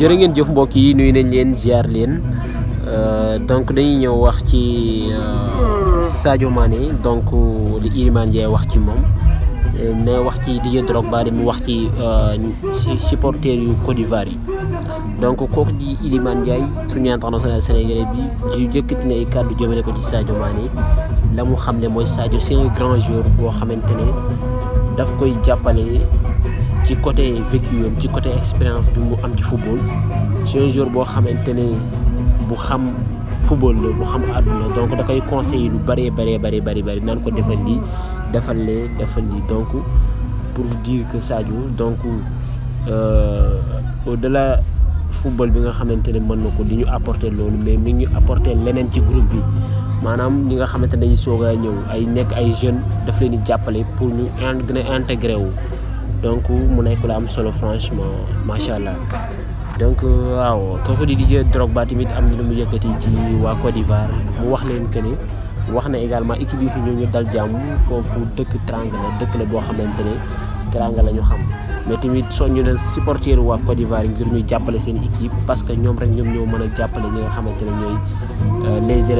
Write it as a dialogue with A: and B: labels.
A: jërë ngeen jëf mbokk yi nuy nañ leen ziar leen eh, donc dañuy ñëw wax ci eh, Sadio Mané donc li Iliman Ndiaye wax ci moom eh, mais wax ci Didier Drogba di mu wax ci supporter yu Côte d'Ivoire yi donc kooku di Iliman Ndiaye suñu international sénégalais bi ji jëkkati ne ay kàddu jëmale ko ci Sadio Mané la mu xam ne mooy Sadio c' est un grand joueur boo xamante ne daf koy jàppale ci côté vécu am ci côté expérience bi mu am ci football c'est un joueur boo xamante ne bu xam football la bu xam àdduna donc da koy conseiller lu bëree bëree bëri bëri bëri naan ko defal lii defal lee defal lii donc pour dire que Sadio donc euh, au delà football bi nga xamante ne mën na ko di ñu apporter loolu mais mi ñu apporter leneen ci groupe bi maanaam ñi nga xamante ne dañuy soog a ñëw ay nekk ay jeunes daf leen di jàppale pour ñu gën a intégré wu. donc mu nekk la am solo franchement macha allah donc euh, waaw kooku di Didier Drogba tamit am na lu mu yëkkati ci waa Côte d'Ivoire mu wax leen que ni wax na également équipe yi fi ñëw ñu dal jàmm foofu dëkk Teranga la dëkk la boo xamante ne Teranga la ñu xam mais tamit ñu leen supporter waa Côte d'Ivoire ngir ñu jàppale seen équipe parce que ñoom rek ñoom ñoo mën a jàppale ñi nga xamante ne ñooy euh, les élèves.